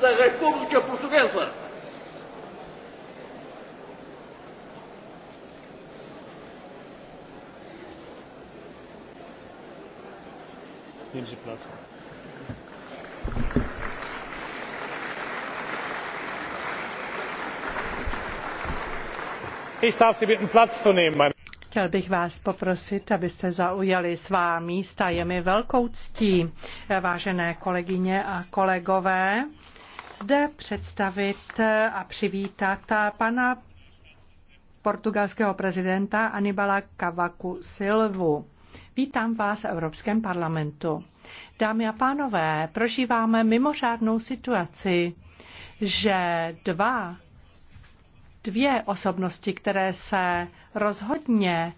da República Portuguesa. Nehmen Sie Platz. Ich darf Sie bitten, Platz zu nehmen, meine Chtěl bych vás poprosit, abyste zaujali svá místa. Je mi velkou ctí, vážené kolegyně a kolegové zde představit a přivítat pana portugalského prezidenta Anibala Kavaku Silvu. Vítám vás v Evropském parlamentu. Dámy a pánové, prožíváme mimořádnou situaci, že dva, dvě osobnosti, které se rozhodně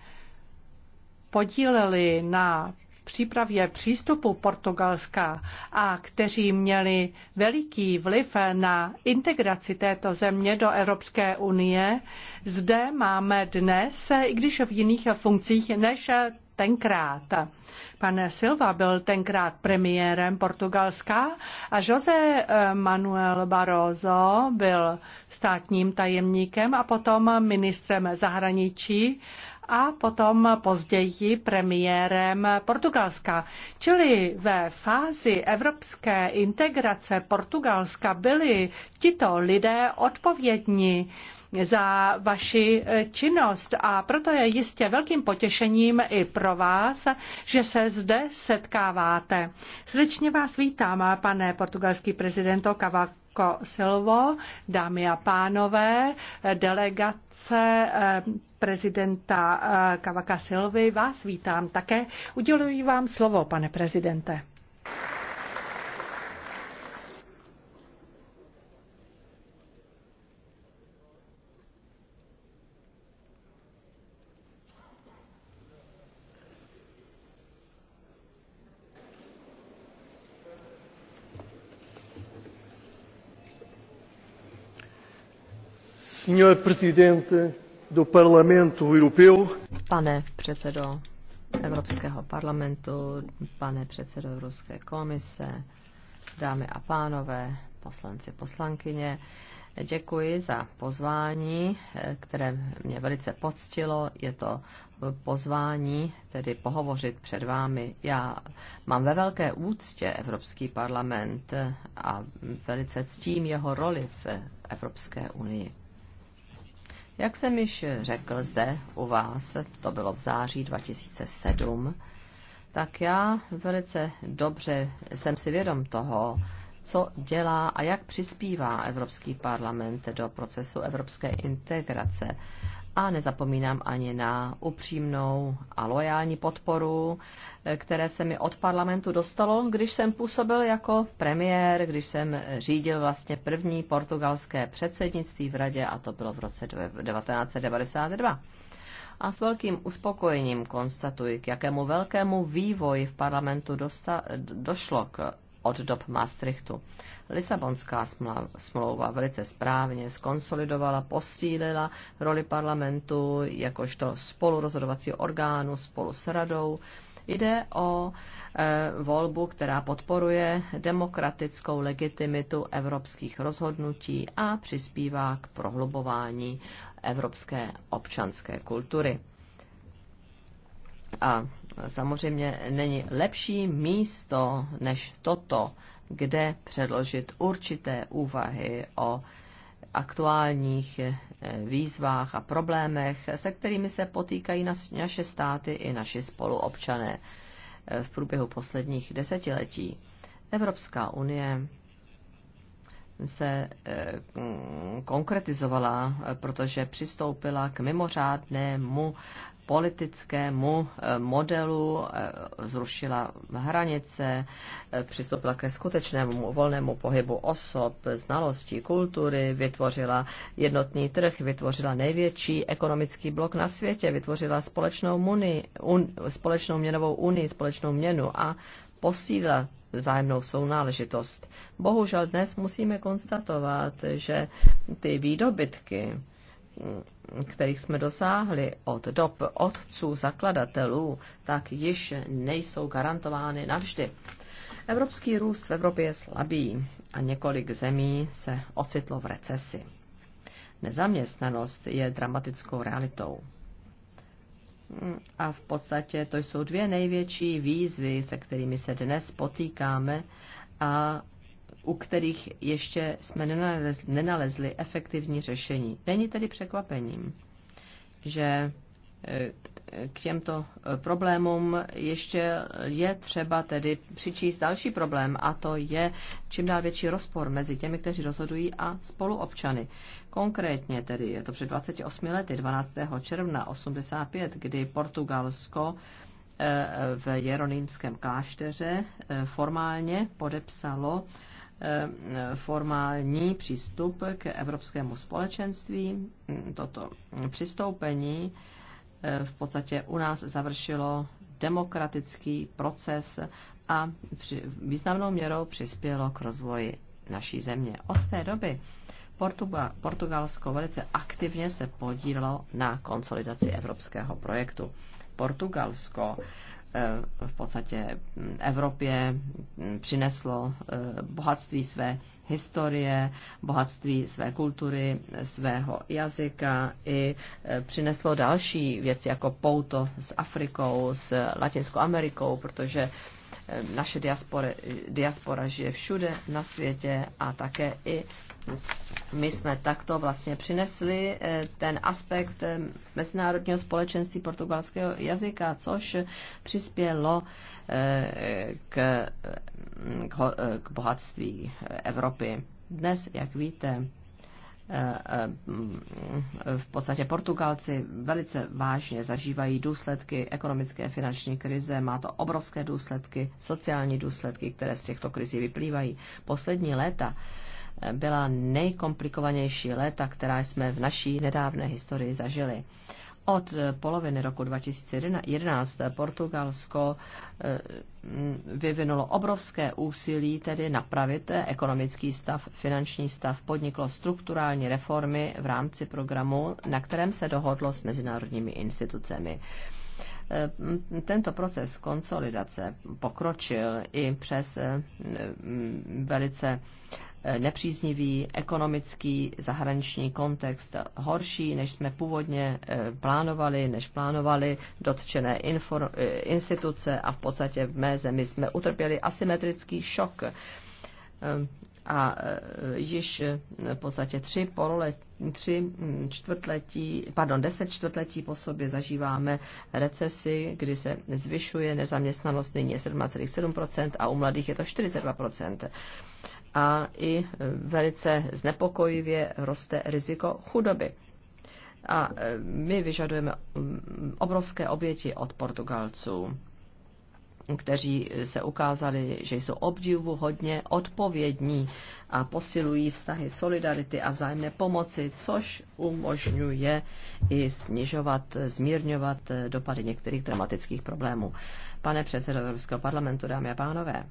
podílely na přípravě přístupu Portugalska a kteří měli veliký vliv na integraci této země do Evropské unie, zde máme dnes, i když v jiných funkcích než tenkrát. Pan Silva byl tenkrát premiérem Portugalska a José eh, Manuel Barroso byl státním tajemníkem a potom ministrem zahraničí a potom později premiérem Portugalska. Čili ve fázi evropské integrace Portugalska byli tito lidé odpovědní za vaši činnost a proto je jistě velkým potěšením i pro vás, že se zde setkáváte. Srdečně vás vítám, pane portugalský prezidento Cavaco Marko Silvo, dámy a pánové, delegace eh, prezidenta eh, Kavaka Silvy, vás vítám také. Uděluji vám slovo, pane prezidente. Pane předsedo Evropského parlamentu, pane předsedo Evropské komise, dámy a pánové, poslanci, poslankyně, děkuji za pozvání, které mě velice poctilo. Je to pozvání, tedy pohovořit před vámi. Já mám ve velké úctě Evropský parlament a velice ctím jeho roli v Evropské unii. Jak jsem již řekl zde u vás, to bylo v září 2007, tak já velice dobře jsem si vědom toho, co dělá a jak přispívá Evropský parlament do procesu evropské integrace a nezapomínám ani na upřímnou a loajální podporu, eh, které se mi od parlamentu dostalo, když jsem působil jako premiér, když jsem eh, řídil vlastně první portugalské předsednictví v radě a to bylo v roce 1992. A s velkým uspokojením konstatuji, k jakému velkému vývoji v parlamentu dosta, eh, došlo k od dob Maastrichtu. Lisabonská smlouva velice správně skonsolidovala, posílila roli parlamentu jakožto spolurozhodovacího orgánu spolu s radou. Jde o e, volbu, která podporuje demokratickou legitimitu evropských rozhodnutí a přispívá k prohlubování evropské občanské kultury. A samozřejmě není lepší místo než toto, kde předložit určité úvahy o aktuálních eh, výzvách a problémech, se kterými se potýkají naše státy i naši spoluobčané eh, v průběhu posledních desetiletí. Evropská unie se eh, mm, konkretizovala, protože přistoupila k mimořádnému politickému eh, modelu, eh, zrušila hranice, eh, přistoupila ke skutečnému volnému pohybu osob, znalostí, kultury, vytvořila jednotný trh, vytvořila největší ekonomický blok na světě, vytvořila společnou, muni, un, společnou měnovou unii, společnou měnu a posílila vzájemnou sounáležitost. Bohužel dnes musíme konstatovat, že ty výdobytky, kterých jsme dosáhli od dob otců zakladatelů, tak již nejsou garantovány navždy. Evropský růst v Evropě je slabý a několik zemí se ocitlo v recesi. Nezaměstnanost je dramatickou realitou. A v podstatě to jsou dvě největší výzvy, se kterými se dnes potýkáme a u kterých ještě jsme nenalezli, nenalezli efektivní řešení. Není tedy překvapením, že e, k těmto e, problémům ještě je třeba tedy přičíst další problém a to je čím dál větší rozpor mezi těmi, kteří rozhodují a spoluobčany. Konkrétně tedy je to před 28 lety 12. června 85, kdy Portugalsko e, v Jeronýmském klášteře formálně podepsalo formální přístup k evropskému společenství. Toto přistoupení eh, v podstatě u nás završilo demokratický proces a významnou měrou přispělo k rozvoji naší země. Od té doby Portuga, Portugalsko velice aktivně se podílelo na konsolidaci evropského projektu. Portugalsko Eh, v podstatě mm, Evropě mm, přineslo eh, bohatství své historie, bohatství své kultury, svého jazyka i eh, přineslo další věci jako pouto s Afrikou, s Latinskou Amerikou, protože naše diaspora, diaspora žije všude na světě a také i my jsme takto vlastně přinesli eh, ten aspekt eh, mezinárodního společenství portugalského jazyka, což přispělo eh, k, k bohatství Evropy. Dnes, jak víte, v podstatě Portugalci velice vážně zažívají důsledky ekonomické a finanční krize. Má to obrovské důsledky, sociální důsledky, které z těchto krizí vyplývají. Poslední léta byla nejkomplikovanější léta, která jsme v naší nedávné historii zažili. Od poloviny roku 2011 Portugalsko eh, vyvinulo obrovské úsilí tedy napravit ekonomický stav, finanční stav, podniklo strukturální reformy v rámci programu, na kterém se dohodlo s mezinárodními institucemi. Eh, tento proces konsolidace pokročil i přes eh, mm, velice eh, nepříznivý ekonomický zahraniční kontext horší, než jsme původně plánovali, než plánovali dotčené infor, instituce a v podstatě v mé zemi jsme utrpěli asymetrický šok. A již v podstatě tři pololetí tři čtvrtletí, pardon, deset čtvrtletí po sobě zažíváme recesi, kdy se zvyšuje nezaměstnanost, nyní je 7,7% a u mladých je to 42%. A i velice znepokojivě roste riziko chudoby. A e, my vyžadujeme obrovské oběti od Portugalců kteří se ukázali, že jsou hodně odpovědní a posilují vztahy solidarity a vzájemné pomoci, což umožňuje i snižovat, zmírňovat dopady některých dramatických problémů. Pane předsedo Evropského parlamentu, dámy a pánové,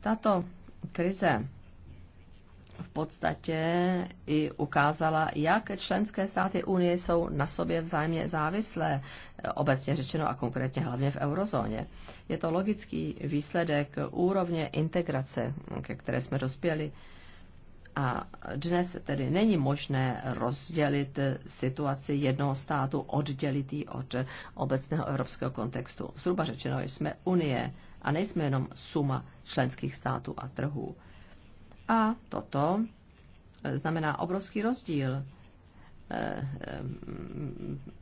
tato krize v podstatě i ukázala, jak členské státy Unie jsou na sobě vzájemně závislé, obecně řečeno a konkrétně hlavně v eurozóně. Je to logický výsledek úrovně integrace, ke které jsme dospěli. A dnes tedy není možné rozdělit situaci jednoho státu, oddělit ji od obecného evropského kontextu. Zhruba řečeno jsme Unie a nejsme jenom suma členských států a trhů. A toto eh, znamená obrovský rozdíl. Eh, eh,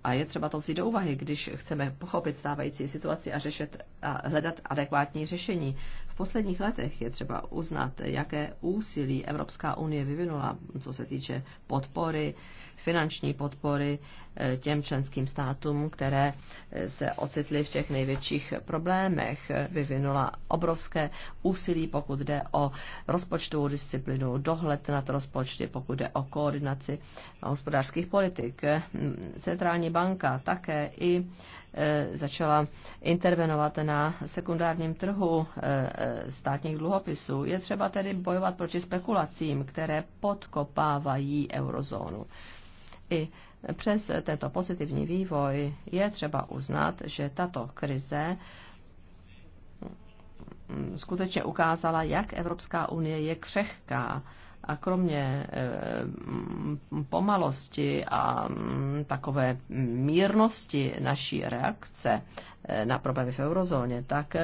a je třeba to vzít do úvahy, když chceme pochopit stávající situaci a, řešet, a hledat adekvátní řešení. V posledních letech je třeba uznat, jaké úsilí Evropská unie vyvinula, co se týče podpory finanční podpory eh, těm členským státům, které eh, se ocitly v těch největších problémech. Eh, vyvinula obrovské úsilí, pokud jde o rozpočtovou disciplinu, dohled nad rozpočty, pokud jde o koordinaci hospodářských politik. Centrální banka také i začala intervenovat na sekundárním trhu státních dluhopisů. Je třeba tedy bojovat proti spekulacím, které podkopávají eurozónu. I přes tento pozitivní vývoj je třeba uznat, že tato krize skutečně ukázala, jak Evropská unie je křehká a kromě eh, pomalosti a takové mírnosti naší reakce eh, na problémy v eurozóně, tak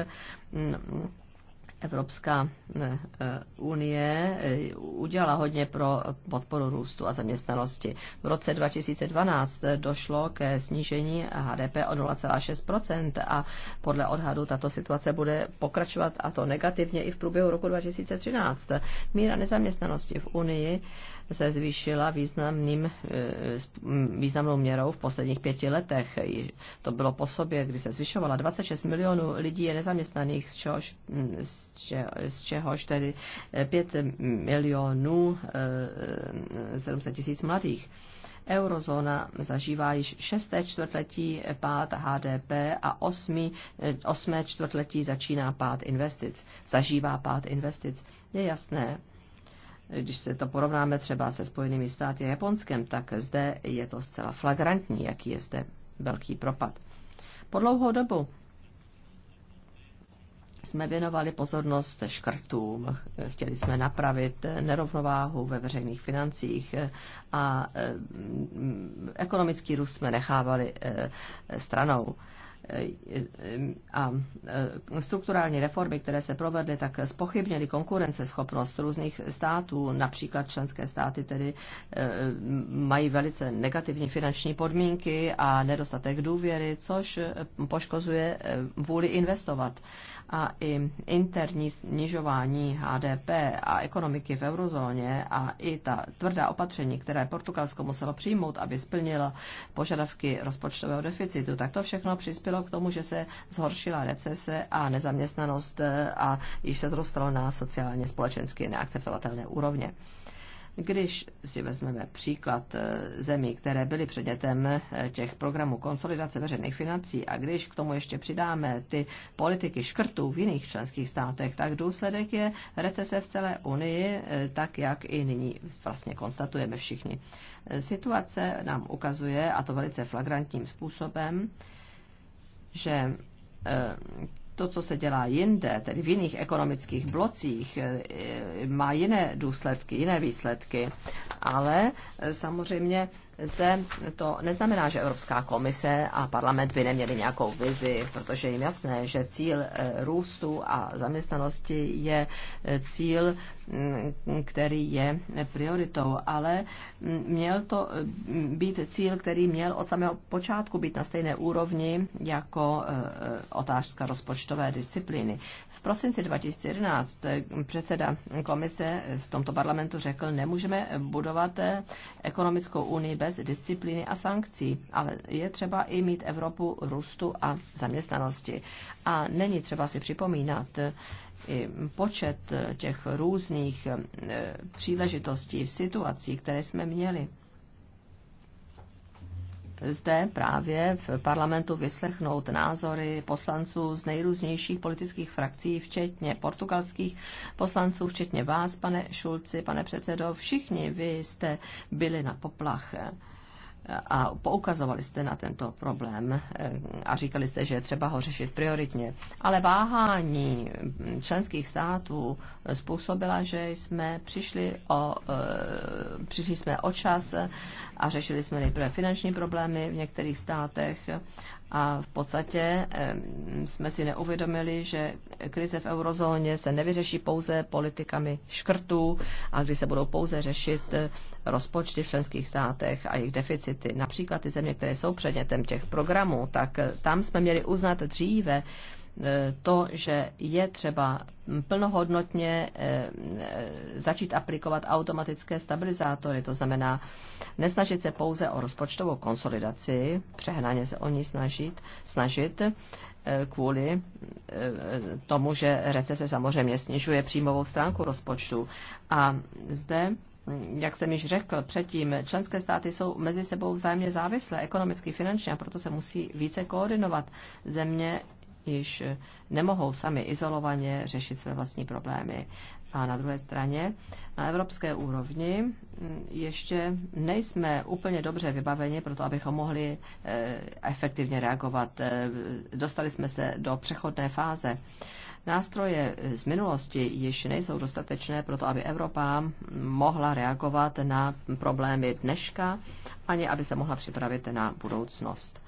Evropská eh, eh, unie eh, udělala hodně pro podporu růstu a zaměstnanosti. V roce 2012 došlo ke snížení HDP o 0,6 a podle odhadu tato situace bude pokračovat a to negativně i v průběhu roku 2013. Míra nezaměstnanosti v Unii se zvýšila významným, e, významnou měrou v posledních pěti letech. To bylo po sobě, kdy se zvyšovala 26 milionů lidí je nezaměstnaných, z čehož, z čehož tedy 5 e, milionů 700 e, tisíc mladých. Eurozóna zažívá již šesté čtvrtletí pád HDP a osmi, osmé čtvrtletí začíná pád investic. Zažívá pád investic. Je jasné, když se to porovnáme třeba se Spojenými státy a Japonskem, tak zde je to zcela flagrantní, jaký je zde velký propad. Po dlouhou dobu jsme věnovali pozornost škrtům, chtěli jsme napravit nerovnováhu ve veřejných financích a mm, ekonomický růst jsme nechávali eh, stranou a e, strukturální reformy, které se provedly, tak spochybnily konkurenceschopnost různých států. Například členské státy tedy e, mají velice negativní finanční podmínky a nedostatek důvěry, což poškozuje e, vůli investovat a i interní snižování HDP a ekonomiky v eurozóně a i ta tvrdá opatření, které Portugalsko muselo přijmout, aby splnilo požadavky rozpočtového deficitu, tak to všechno přispělo k tomu, že se zhoršila recese a nezaměstnanost eh, a již se to dostalo na sociálně společensky neakceptovatelné úrovně. Když si vezmeme příklad eh, zemí, které byly předmětem eh, těch programů konsolidace veřejných financí a když k tomu ještě přidáme ty politiky škrtů v jiných členských státech, tak důsledek je recese v celé Unii, eh, tak jak i nyní vlastně konstatujeme všichni. Situace nám ukazuje, a to velice flagrantním způsobem, že to, co se dělá jinde, tedy v jiných ekonomických blocích, e, e, má jiné důsledky, jiné výsledky. Ale e, samozřejmě zde to neznamená, že Evropská komise a parlament by neměli nějakou vizi, protože jim jasné, že cíl eh, růstu a zaměstnanosti je eh, cíl, mm, který je prioritou, ale mm, měl to mm, být cíl, který měl od samého počátku být na stejné úrovni jako eh, otázka rozpočtové disciplíny. V prosinci 2011 eh, předseda komise v tomto parlamentu řekl, nemůžeme budovat eh, ekonomickou unii bez disciplíny a sankcí, ale je třeba i mít Evropu růstu a zaměstnanosti. A není třeba si připomínat, eh, i počet těch různých příležitostí, situací, které jsme měli zde právě v parlamentu vyslechnout názory poslanců z nejrůznějších politických frakcí, včetně portugalských poslanců, včetně vás, pane Šulci, pane předsedo. Všichni vy jste byli na poplach a poukazovali jste na tento problém eh, a říkali jste, že je třeba ho řešit prioritně. Ale váhání členských států způsobila, že jsme přišli, o, eh, přišli jsme o čas a řešili jsme nejprve finanční problémy v některých státech a v podstatě eh, jsme si neuvědomili, že krize v eurozóně se nevyřeší pouze politikami škrtů a kdy se budou pouze řešit rozpočty v členských státech a jejich deficit ty, například ty země, které jsou předmětem těch programů, tak eh, tam jsme měli uznat dříve, eh, to, že je třeba plnohodnotně eh, začít aplikovat automatické stabilizátory. To znamená nesnažit se pouze o rozpočtovou konsolidaci, přehnaně se o ní snažit, snažit kvůli tomu, že recese samozřejmě snižuje příjmovou stránku rozpočtu. A zde jak jsem již řekl předtím, členské státy jsou mezi sebou vzájemně závislé ekonomicky, finančně a proto se musí více koordinovat. Země již nemohou sami izolovaně řešit své vlastní problémy. A na druhé straně, na evropské úrovni mm, ještě nejsme úplně dobře vybaveni proto abychom mohli eh, efektivně reagovat. Eh, dostali jsme se do přechodné fáze Nástroje z minulosti již nejsou dostatečné pro to, aby Evropa mohla reagovat na problémy dneška, ani aby se mohla připravit na budoucnost.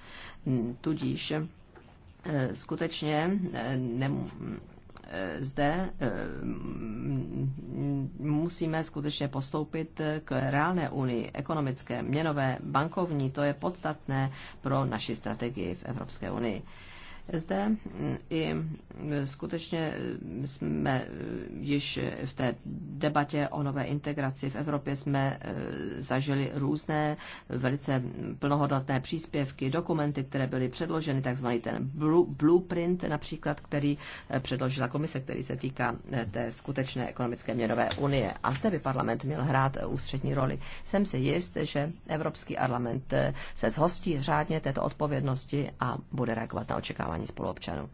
Tudíž eh, skutečně eh, nemů- eh, zde musíme skutečně postoupit k reálné unii, ekonomické, měnové, bankovní. To je podstatné pro naši strategii v Evropské unii. Zde mm, i mm, skutečně mm, jsme již v té debatě o nové integraci v Evropě jsme zažili různé velice plnohodnotné příspěvky, dokumenty, které byly předloženy, takzvaný ten blueprint například, který předložila komise, který se týká té skutečné ekonomické měnové unie. A zde by parlament měl hrát ústřední roli. Jsem si jist, že Evropský parlament se zhostí řádně této odpovědnosti a bude reagovat na očekávání chování spoluobčanů.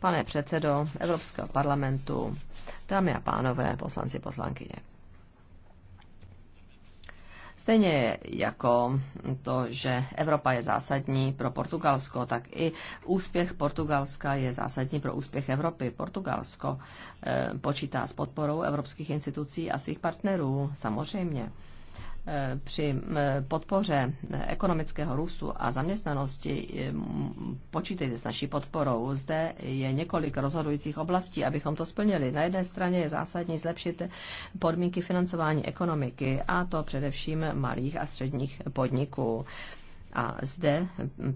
Pane předsedo Evropského parlamentu, dámy a pánové, poslanci, poslankyně. Stejně jako to, že Evropa je zásadní pro Portugalsko, tak i úspěch Portugalska je zásadní pro úspěch Evropy. Portugalsko eh, počítá s podporou evropských institucí a svých partnerů, samozřejmě při podpoře ekonomického růstu a zaměstnanosti počítejte s naší podporou. Zde je několik rozhodujících oblastí, abychom to splnili. Na jedné straně je zásadní zlepšit podmínky financování ekonomiky, a to především malých a středních podniků. A zde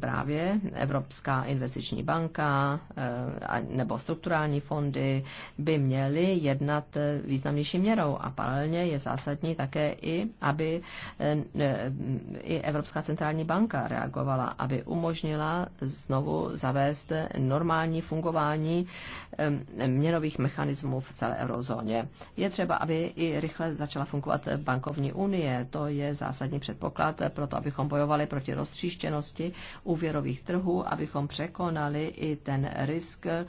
právě Evropská investiční banka eh, nebo strukturální fondy by měly jednat eh, významnější měrou. A paralelně je zásadní také i, aby eh, i Evropská centrální banka reagovala, aby umožnila znovu zavést normální fungování měnových mechanismů v celé eurozóně. Je třeba, aby i rychle začala fungovat bankovní unie. To je zásadní předpoklad pro to, abychom bojovali proti roz roztříštěnosti úvěrových trhů, abychom překonali i ten risk, eh,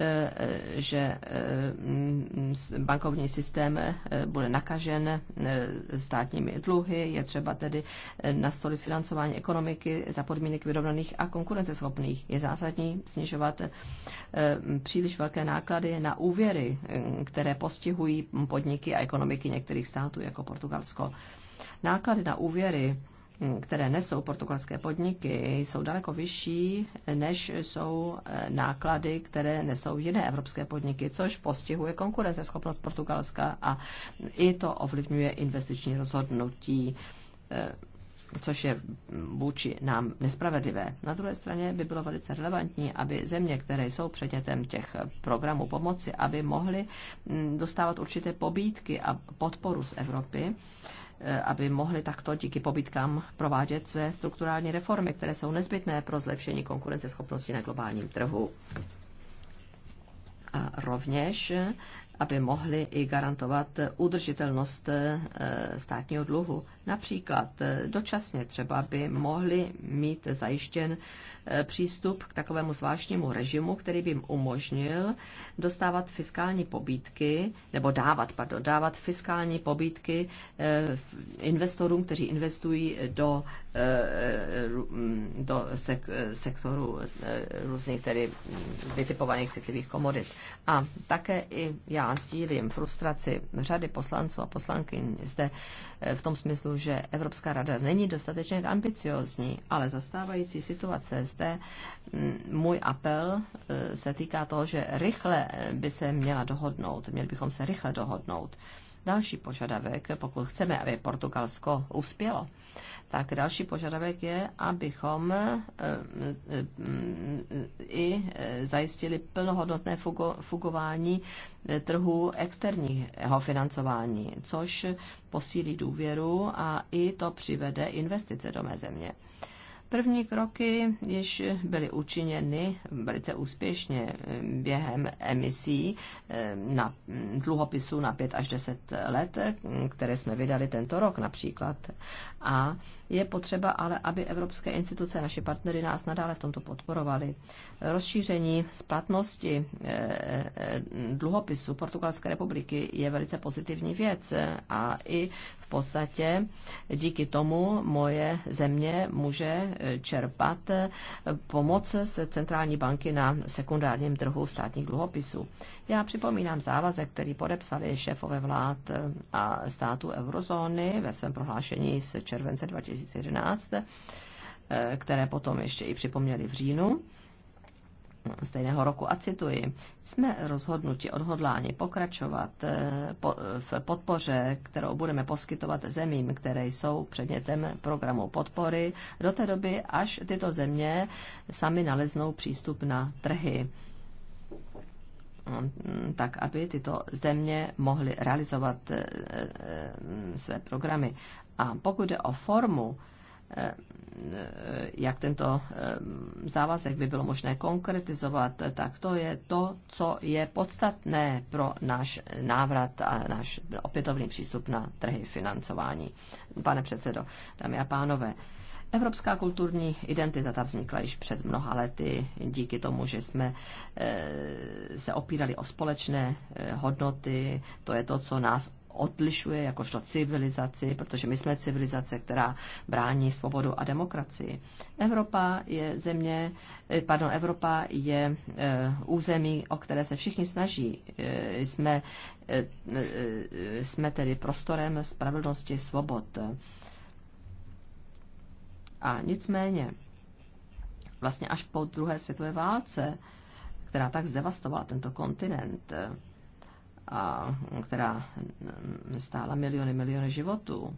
eh, že eh, mm, bankovní systém bude nakažen státními dluhy. Je třeba tedy nastolit financování ekonomiky za podmínek vyrovnaných a konkurenceschopných. Je zásadní snižovat příliš velké náklady na úvěry, mm, které postihují podniky a ekonomiky některých států, jako Portugalsko. Náklady na úvěry které nesou portugalské podniky, jsou daleko vyšší, než jsou eh, náklady, které nesou jiné evropské podniky, což postihuje konkurenceschopnost Portugalska a i to ovlivňuje investiční rozhodnutí eh, což je vůči nám nespravedlivé. Na druhé straně by bylo velice relevantní, aby země, které jsou předmětem těch programů pomoci, aby mohly mm, dostávat určité pobídky a podporu z Evropy Eh, aby mohly takto díky pobytkám provádět své strukturální reformy, které jsou nezbytné pro zlepšení konkurenceschopnosti na globálním trhu. A rovněž aby mohli i garantovat udržitelnost eh, státního dluhu. Například eh, dočasně třeba by mohli mít zajištěn eh, přístup k takovému zvláštnímu režimu, který by jim umožnil dostávat fiskální pobídky, nebo dávat, pardon, dávat fiskální pobídky investorům, kteří investují do, mm, do sektoru různých tedy mm, vytipovaných citlivých komodit. A také i já sdílím frustraci řady poslanců a poslankyň zde eh, v tom smyslu, že Evropská rada není dostatečně ambiciozní, ale zastávající situace zde mm, můj apel eh, se týká toho, že rychle eh, by se měla dohodnout, měli bychom se rychle dohodnout. Další požadavek, pokud chceme, aby Portugalsko uspělo, tak další požadavek je, abychom eh, eh, i eh, zajistili plnohodnotné fugování trhu externího financování, což posílí důvěru a i to přivede investice do mé země. První kroky již byly učiněny velice úspěšně během emisí eh, na dluhopisů na 5 až 10 let, které jsme vydali tento rok například. A je potřeba ale, aby evropské instituce, naši partnery nás nadále v tomto podporovali. Rozšíření splatnosti eh, eh, dluhopisu Portugalské republiky je velice pozitivní věc a i v podstatě díky tomu moje země může eh, čerpat eh, pomoc z centrální banky na sekundárním trhu státních dluhopisů. Já připomínám závazek, který podepsali šéfové vlád eh, a států eurozóny ve svém prohlášení z července 2011, které potom ještě i připomněli v říjnu stejného roku a cituji, jsme rozhodnuti odhodláni pokračovat eh, eh, v podpoře, kterou budeme poskytovat zemím, které jsou předmětem programu podpory do té doby, až tyto země sami naleznou přístup na trhy mm, tak aby tyto země mohly realizovat eh, své programy. A pokud jde o formu, Eh, jak tento eh, závazek by bylo možné konkretizovat, tak to je to, co je podstatné pro náš návrat a náš opětovný přístup na trhy financování. Pane předsedo, dámy a pánové, Evropská kulturní identita ta vznikla již před mnoha lety díky tomu, že jsme eh, se opírali o společné hodnoty. To je to, co nás odlišuje jakožto civilizaci, protože my jsme civilizace, která brání svobodu a demokracii. Evropa je země, eh, pardon, Evropa je eh, území, o které se všichni snaží. Eh, jsme, jsme tedy prostorem spravedlnosti svobod. A nicméně, vlastně až po druhé světové válce, která tak zdevastovala tento kontinent, a která stála miliony, miliony životů,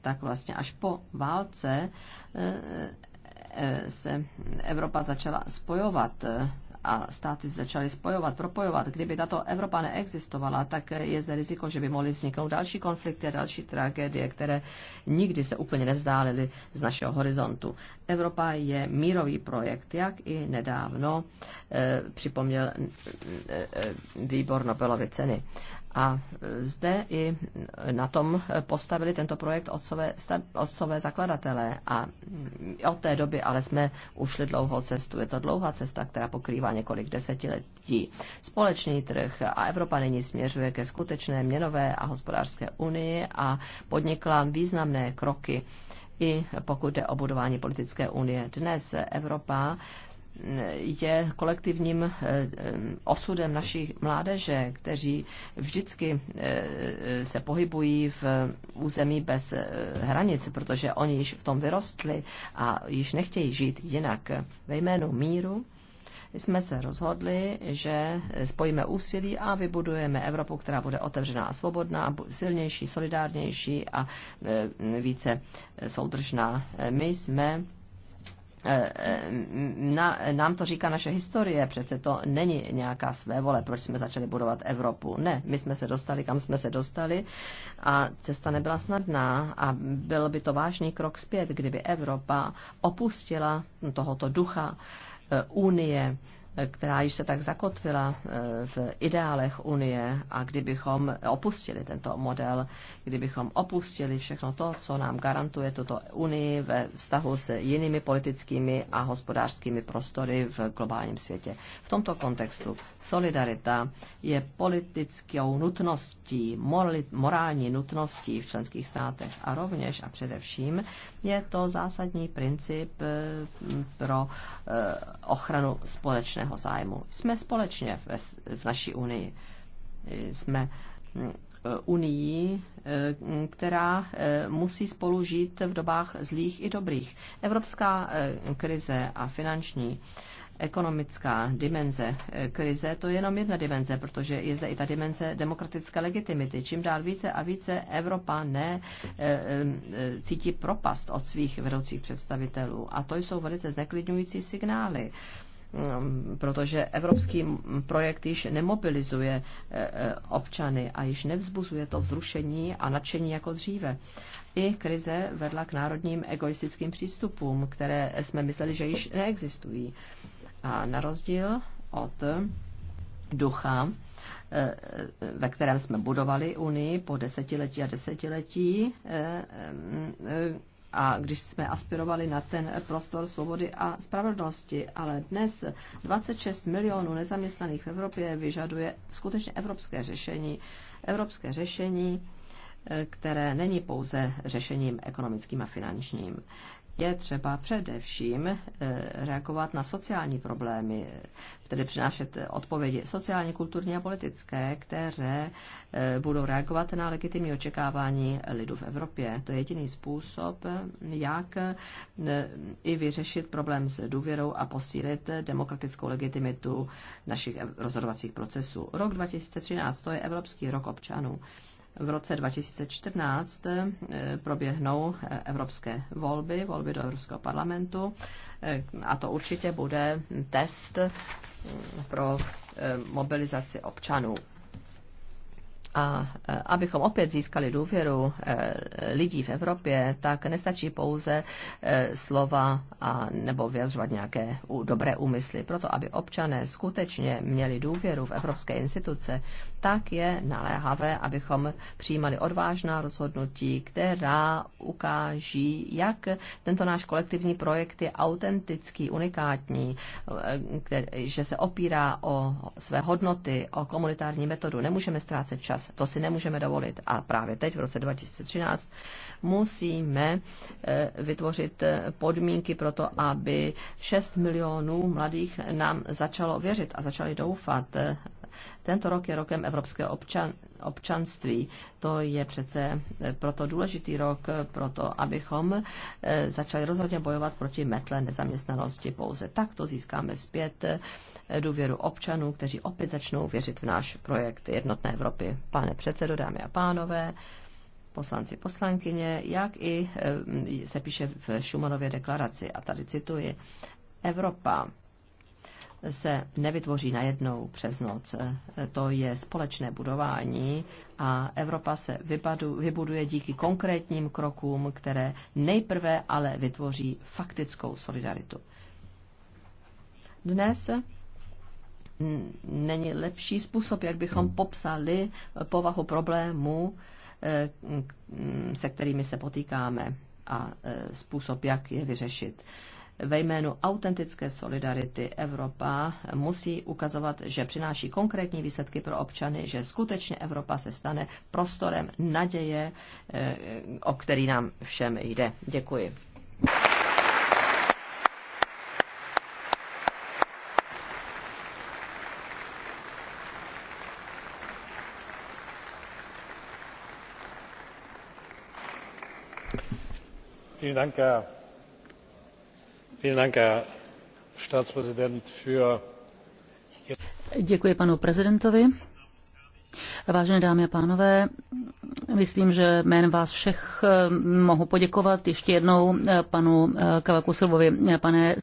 tak vlastně až po válce eh, eh, se Evropa začala spojovat eh, a státy začaly spojovat, propojovat. Kdyby tato Evropa neexistovala, tak je zde riziko, že by mohly vzniknout další konflikty a další tragédie, které nikdy se úplně nevzdálily z našeho horizontu. Evropa je mírový projekt, jak i nedávno eh, připomněl eh, výbor Nobelovy ceny. A e, zde i na tom postavili tento projekt otcové, otcové zakladatelé. A mm, od té doby ale jsme ušli dlouhou cestu. Je to dlouhá cesta, která pokrývá několik desetiletí. Společný trh a Evropa nyní směřuje ke skutečné měnové a hospodářské unii a podnikla významné kroky i pokud jde o budování politické unie. Dnes Evropa je kolektivním eh, eh, osudem našich mládeže, kteří vždycky eh, se pohybují v území bez hranic, protože oni již v tom vyrostli a již nechtějí žít jinak. Ve jménu míru jsme se rozhodli, že spojíme úsilí a vybudujeme Evropu, která bude otevřená a svobodná, silnější, solidárnější a více soudržná. My jsme Eh, eh, na, nám to říká naše historie, přece to není nějaká své vole, proč jsme začali budovat Evropu. Ne, my jsme se dostali, kam jsme se dostali a cesta nebyla snadná a byl by to vážný krok zpět, kdyby Evropa opustila tohoto ducha eh, Unie, která již se tak zakotvila eh, v ideálech Unie a kdybychom opustili tento model, kdybychom opustili všechno to, co nám garantuje tuto Unii ve vztahu s jinými politickými a hospodářskými prostory v globálním světě. V tomto kontextu solidarita je politickou nutností, morální nutností v členských státech a rovněž a především je to zásadní princip eh, pro eh, ochranu společného společného zájmu. Jsme společně v, v naší unii. Jsme mm, unii, mm, která mm, musí spolu žít v dobách zlých i dobrých. Evropská krize a finanční ekonomická dimenze krize, to je jenom jedna dimenze, protože je zde i ta dimenze demokratické legitimity. Čím dál více a více Evropa ne cítí propast od svých vedoucích představitelů. A to jsou velice zneklidňující signály. Ehm, protože evropský projekt již nemobilizuje eh, eh, občany a již nevzbuzuje to vzrušení a nadšení jako dříve. I krize vedla k národním egoistickým přístupům, které jsme mysleli, že již neexistují. A na rozdíl od ducha, eh, ve kterém jsme budovali Unii po desetiletí a desetiletí, a když jsme aspirovali na ten prostor svobody a spravedlnosti. Ale dnes 26 milionů nezaměstnaných v Evropě vyžaduje skutečně evropské řešení. Evropské řešení, eh, které není pouze řešením ekonomickým a finančním je třeba především eh, reagovat na sociální problémy, tedy přinášet odpovědi sociálně kulturní a politické, které eh, budou reagovat na legitimní očekávání lidu v Evropě. To je jediný způsob, jak eh, i vyřešit problém s důvěrou a posílit demokratickou legitimitu našich rozhodovacích procesů. Rok 2013 to je Evropský rok občanů v roce 2014 eh, proběhnou eh, evropské volby, volby do Evropského parlamentu eh, a to určitě bude test mm, pro mobilizaci občanů. A e, abychom opět získali důvěru e, lidí v Evropě, tak nestačí pouze e, slova a nebo vyjadřovat nějaké dobré úmysly. Proto, aby občané skutečně měli důvěru v evropské instituce, tak je naléhavé, abychom přijímali odvážná rozhodnutí, která ukáží, jak tento náš kolektivní projekt je autentický, unikátní, že se opírá o své hodnoty, o komunitární metodu. Nemůžeme ztrácet čas nás. To si nemůžeme dovolit. A právě teď, v roce 2013, musíme eh, vytvořit eh, podmínky pro to, aby 6 milionů mladých nám začalo věřit a začali doufat eh, tento rok je rokem evropského občan, občanství. To je přece eh, proto důležitý rok, eh, proto abychom eh, začali rozhodně bojovat proti metle nezaměstnanosti. Pouze tak to získáme zpět důvěru občanů, kteří opět začnou věřit v náš projekt Jednotné Evropy. Pane předsedo, dámy a pánové, poslanci poslankyně, jak i se píše v Šumanově deklaraci, a tady cituji, Evropa se nevytvoří najednou přes noc. To je společné budování a Evropa se vybadu, vybuduje díky konkrétním krokům, které nejprve ale vytvoří faktickou solidaritu. Dnes není lepší způsob, jak bychom popsali povahu problémů, eh, se kterými se potýkáme a eh, způsob, jak je vyřešit ve jménu autentické solidarity Evropa musí ukazovat, že přináší konkrétní výsledky pro občany, že skutečně Evropa se stane prostorem naděje, eh, o který nám všem jde. Děkuji. Vielen Dank, Herr Děkuji panu prezidentovi. Vážené dámy a pánové, myslím, že jménem vás všech eh, mohu poděkovat ještě jednou eh, panu eh, Kavakusilovi. Pane